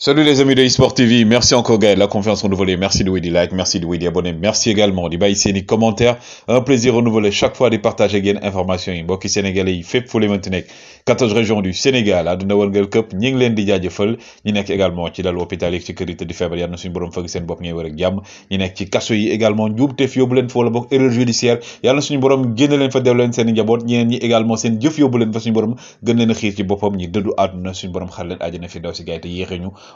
Salut les amis de eSport TV, merci encore Gaël, la confiance renouvelée, merci de des likes, merci de des abonnés, merci également de bails ici des commentaires, un plaisir renouvelé chaque fois de partager gain information, mbokki sénégalais il fait pour les les Quatre régions du Sénégal à wërngal këpp ñi ngi leen di jaajëfal ñi nekk également ci dal hôpital yi ci kër yi te di feebar yal na suñu borom fëgg seen bopp ngay wër ak jàmm ñi nekk ci kaso yi également njuumteef yóbbu leen fa wala boog erreur judiciaire yal na suñu borom génne leen fa dellu leen seen njaboot ñeneen également seen jëf yóbbu leen fa suñu borom gën leen a xiir ci boppam ñi dëddu àdduna suñu borom xar leen fi daw si gaay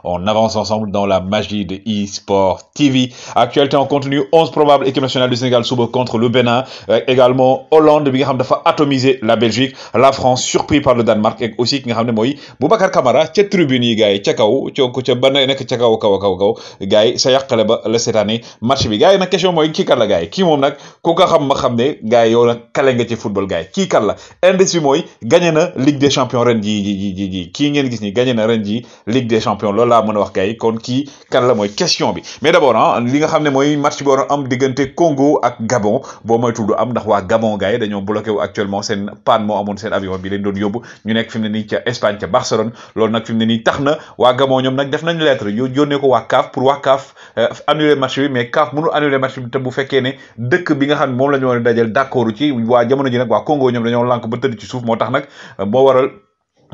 on avance ensemble dans la magie de eSport TV actualité en continu 11 probable équipe nationale du Sénégal suba contre le Bénin euh, également Hollande bi nga xam dafa atomiser la Belgique la France surpris par le diwaanu Danemark ak aussi ki nga xam moy Boubacar Kamara ci tribune yi gars ci kaw ci coono ca ba nekk ca kaw kaw kaw kaw gars sa yàqale ba le setané match bi gars nak question moy ki kan la gars ki mom nak ku ko xam ma xam ne yow nak kale nga ci football gars ki kan la indice bi mooy gagné na Ligue des champions ren jii ji ji ji kii ngeen gis ni gagné na ren jii Ligue des champions loolu laa mën wax gars kon ki kan la moy question bi mais d'abord hein li nga xam moy match bi war am digënté Congo ak Gabon bo moytuwul tuddu am ndax wa Gabon gars yi dañoo bloqué actuellement sen panne mo amoon sen avion bi len doon yobbu ñu nekk fi mu ne nii ca Espagne ca Barcelone loolu nag fi ne nii tax na waa Gabon ñoom nag def nañ lettre yu yónnee ko waa CAF pour waa CAF euh, annuler match bi mais CAF mënul annuler match bi te bu fekkee ne dëkk bi nga xam ne moom la ñu war a dajal d'accord ci waa jamono ji nag waa Congo ñoom dañoo lànk ba tëdd ci suuf moo tax nag moo waral.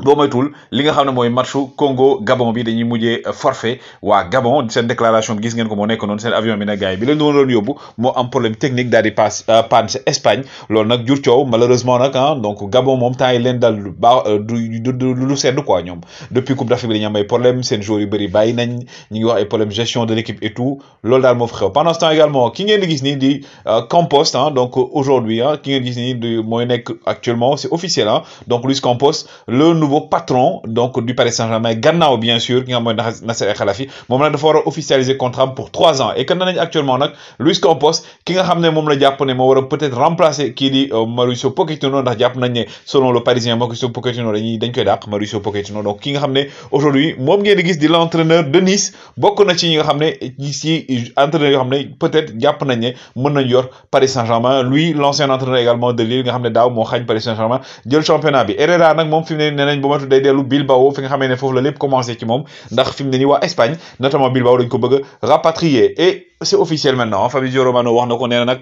boo moytul li nga xam moy matchu Congo Gabon bi dañuy mujjé forfait wa Gabon seen déclaration bi gis ngeen ko mo nekk non seen avion bi na gars bi leen doon doon yóbbu moo am problème technique daal di pass euh, panne sa Espagne loolu nak jur coow malheureusement nak hein ah, donc Gabon mom tay yi leen daal lu baax euh, du du lu sedd quoi ñom depuis Coupe d'Afrique bi dañu am ay problème seen joueurs yu bari bàyyi nañ ñu ngi wax ay problème gestion de l'équipe et tout loolu dal mo fi xew pendant ce temps également ki ngeen di gis ni di euh, Campos hein donc aujourd'hui hein ki ngeen di gis di mooy actuellement c'est officiel hein donc Luis Campos le nouveau patron donc du Paris Saint-Germain gannaaw bien sûr qui a xam mooy Nasser El Khelaïfi dafa officialiser contrat pour trois ans et quand on nañ actuellement là, Luis Campos ki nga xamné mom la Japonais, ne moo peut-être remplacer qui dit euh, Mauricio Pochettino ndax le nañ selon le Parisien Mauricio Pochettino dañuy dañ koy Mauricio Pochettino donc ki nga xamné aujourd'hui, aujourd'hui mom ngeen di gis di l'entraîneur de Nice beaucoup na ci nga xamné ci entraîneur yo xamné peut-être japp nañ né mën nañ Paris Saint-Germain lui l'ancien entraîneur également de Lille nga xamné daw mo xagn Paris Saint-Germain jël championnat bi Herrera nak mom fi né nañ bu matu day delu Bilbao fi nga xamee ne foofu la lépp commencé ci mom ndax fi mu wa Espagne notamment Bilbao dañ ko bëgg rapatrier et c'est officiel maintenant hein. Fabrizio Romano wax na ko nee na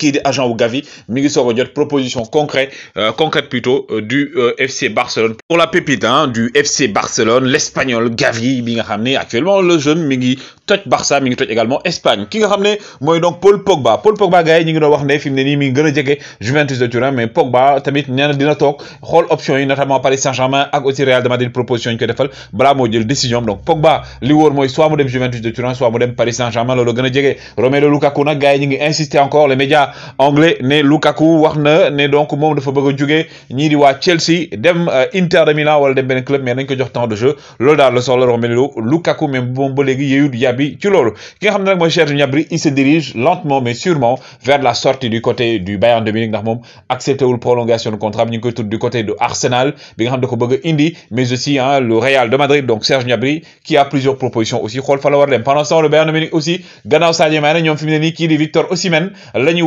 di agent ou Gavi mi ngi soog a jot proposition concrète euh, concrète plutôt euh, du euh, FC Barcelone pour la pépite hein du FC Barcelone l'espagnol Gavi bi nga xam actuellement le jeune mi ngi toj Barça mi ngi toj également Espagne ki nga xamné moy donc Paul Pogba Paul Pogba gars ñi ngi do wax ne fi mu ni mi gëna gën Juventus de Turin mais Pogba tamit néna dina tok xol option yi notamment Paris Saint-Germain ak aussi Real de Madrid proposition yi ñu koy defal balaa mo jël décision donc Pogba li wor moy soit mu dem Juventus de Turin soit mu dem Paris Saint-Germain loolu gëna a Romelu Lukaku nag gars ñi ngi insister encore les médias anglais ne Lukaku wax na ne donc mom dafa bëgg a ñi di wa Chelsea dem euh, Inter de Milan wala dem ben club mais nañ ko jox temps de jeu loolu daal le soxla Romelu Lukaku mais bon ba léegi yeyut Diaby ci loolu ki nga xam ne nag Serge il se dirige lentement mais sûrement vers la sortie du côté du Bayern de Munich ndax moom accepté wul prolongation de contrat ñu ngi du côté de Arsenal bi nga xam ko bëgg indi mais aussi hein, le Real de Madrid donc Serge Gnabry qui a plusieurs propositions aussi Il fa la war dem pendant ce temps le Bayern de Munich aussi gannaaw Sadio Mané ñoom fi mu ne nii di Victor Osimhen la ñuy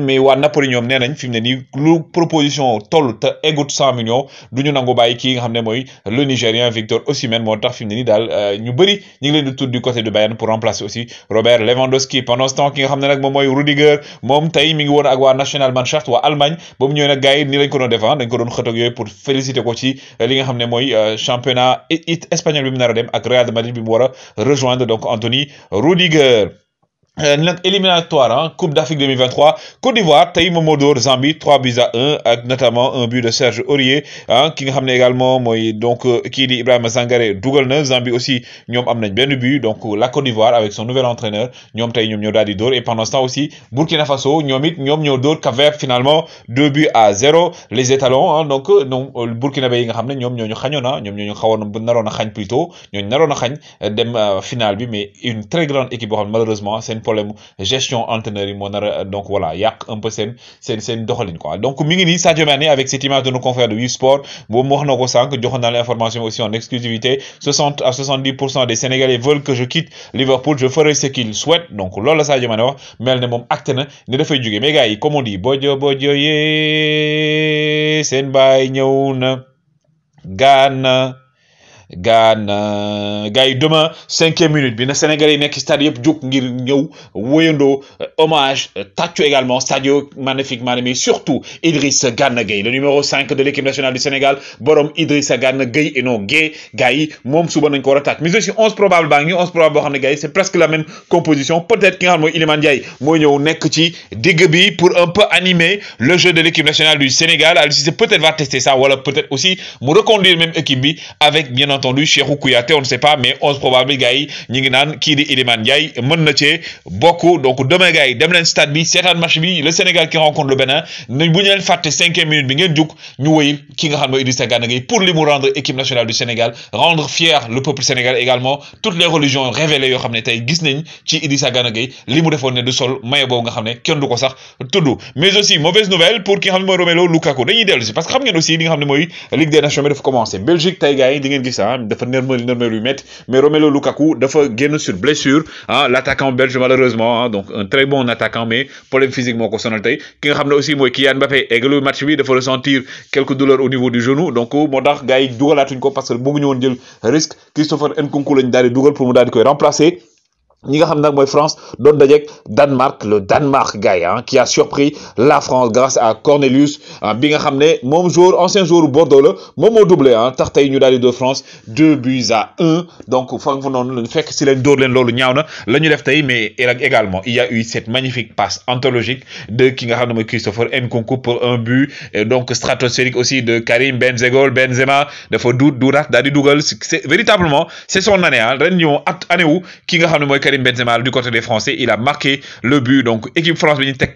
mais waa Napoli ñoom nee nañ fi mu lu proposition toll te egut 100 millions du ñu nangu bàyyi nga le Nigérien Victor Osimhen moo tax fi ni d'Al nii daal euh, ñu bëri ñu ngi leen di tudd du côté du Bayern pour remplacer aussi Robert Lewandowski pendant ce temps qui nga xam ne Rudiger moom tey mi ngi woon ak waa Allemagne ba mu ñëwee nag gars yi nii lañ ko doon defar dañ ko pour féliciter ko ci euh, li nga euh, championnat espagnol bi mu Real de Madrid bi rejoindre donc Anthony Rudiger euh, éliminatoire hein. Coupe d'Afrique 2023 Côte d'Ivoire tey Momodor Zambie 3 buts à 1 avec notamment un but de Serge Aurier qui hein. qui nga également Kidi donc qui euh, dit Ibrahim Sangaré na Zambie aussi ñom am bien du but donc la Côte d'Ivoire avec son nouvel entraîneur ñom tay ñom ñoo di et pendant ce temps aussi Burkina Faso ñoom it ñoom ñoo dóor finalement 2 buts à 0 les étalons hein, donc le euh, Burkina Faso nga xamné ñom ñu xagnona hein. ñom ñu narona a plutôt ñoo ñu naroon a finale bi mais une très grande équipe malheureusement, c'est une malheureusement c'est problème gestion entraîneur yi il donc voilà yak un peu sen sen seen quoi donc mi ngi ni Sadio Mané avec cette image de nos confrères de sport boobu wax ressenti ko sànq l'information aussi en exclusivité 60 à 70 des Sénégalais veulent que je quitte Liverpool je ferai ce qu'ils souhaitent donc lolo la Sadio Mané wax elle ne pas acte na faire fay jóge mais gars yi comme on dit bojo bojo yee c'est baay ñëw na gana euh, gars yi demain cinquième minute bi na Sénégalais yi nekk stade yëpp jóg ngir ñëw wóyandoo euh, hommage euh, tàccu également stade magnifique Flick mais surtout Idriss Gana Gueye le numéro cinq de l'équipe nationale du Sénégal borom Idriss Gana Gueye et non gai, gars yi moom suba nañ ko war a tàcc mais aussi onze probable baa ngi onze probable boo xam c'est presque la même composition peut-être ki nga xam mooy Iliman Ndiaye ñëw nekk ci digg bi pour un peu animer le jeu de l'équipe nationale du Sénégal Aliou c'est peut-être va tester ça wala peut-être aussi mu reconduire même équipe bi avec bien entendu Cheikhou Kouyaté on ne sait pas mais on se gars yi ñu ngi naan kii di Iliman Ndiaye mën donc demain gars yi dem leen stade bi seetaan match bi le Sénégal qui rencontre le Bénin bu ñu faté 5 cinquième minute bi ngeen jug ñu woy Idrissa Gana pour lui rendre équipe nationale du Sénégal rendre fier le peuple sénégal également toutes les religions révélées au xam ne tey gis nañ Idrissa Gana li du sol Mayabo boobu nga xam ne kenn sax mais aussi mauvaise nouvelle pour King nga xam Lukaku dañuy dellu parce que xam aussi li nga Ligue des Nations il dafa commencer Belgique tey gars yi di dafa nërmal nërmal yu métti mais Romelu Lukaku dafa génn sur blessure ah l' attaquant belge malheureusement ah donc un très bon attaquant mais problème physique moo ko sonal tey ki nga xam ne aussi mooy Kylian Mbappé eggalu match bi dafa ressentir quelques douleurs au niveau du genou donc euh, moo tax gars yi dugalaatuñ ko parce que bëgguñu woon jël risque Christopher Nkunku lañ daal di dugal pour mu daal di koy remplacer ñi nga France Danemark le Danemark gars hein qui a surpris la France grâce à Cornelius hein, bi nga xam mon jour ancien joueur Bordeaux mon mot doublé hein. tax tey ñu France deux buts à un donc fa nga fekk mais également il y a eu cette magnifique passe anthologique de ki nga Christopher Nkunku pour un but et donc stratosphérique aussi de Karim Benzegol Benzema de Fodou duuraat Dadi Dougal. c'est véritablement c'est son année hein. réunion année wu ki nga Benzema du côté des Français il a marqué le but donc équipe France bi Tech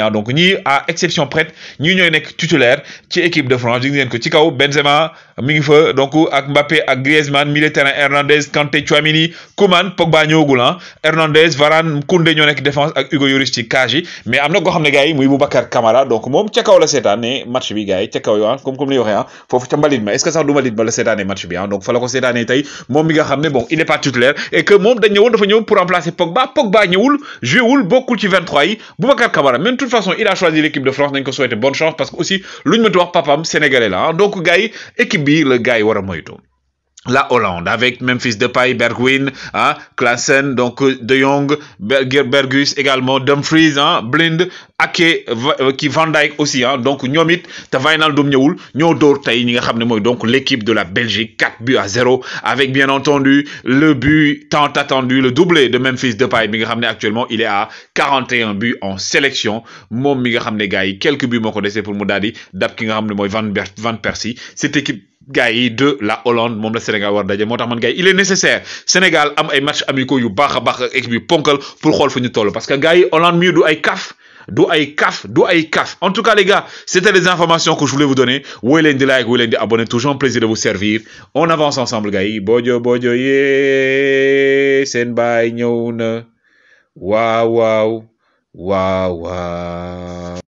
ah, donc ni à exception prête ni ñooy équipe titulaire est équipe de France di ko ci Benzema mingi fa donc ak Mbappé ak Griezmann milieu terrain Hernandez Kanté Chouamini Koeman Pogba ñëwagul hein Hernandez Varane Koundé ñoo défense ak Hugo Lloris ci cage mais amna na xamné gaay muy Boubacar Camara donc mom ca kaw la sétane match bi gaay yi kaw yo ah comme comme li waxé hein ah, fofu ca mbalit ma est ce que sax duma mbalit ba la sétane match bi hein donc fa la ko sétane tay mom mi nga xamné bon il n'est pas titulaire et que mom dañ ñewon dafa ñew pour remplacer Pogba Pogba ñewul joué wul bokkul ci 23 yi Boubacar Camara même de toute façon il a choisi l'équipe de France dañ ko souhaiter bonne chance parce que aussi luñu mënti wax papam sénégalais la hein? donc gaay équipe le la gars la Hollande avec Memphis Depay, Bergwijn, hein, Klaassen, donc euh, De Jong, Bergus également, Dumfries, hein, Blind, Ake, qui euh, Van Dijk aussi, hein. donc Nyomit, Nyodor donc l'équipe de la Belgique, 4 buts à 0, avec bien entendu le but tant attendu, le doublé de Memphis Depay, actuellement il est à 41 buts en sélection, Mom gars quelques buts mon connaissez pour Moudadi, moy Van, Van Persie, cette équipe gars de la Hollande mom la Sénégal war motax man il est nécessaire Sénégal am ay match amicaux yu baxa a équipe bi ponkal pour xol fuñu tollu parce que gars Hollande mieux du ay kaf du ay kaf du ay en tout cas les gars c'était les informations que je voulais vous donner woy leen di like woy leen di abonné toujours un plaisir de vous servir on avance ensemble gars bojo bojo yee sen bay ñewna waouh, waouh. waaw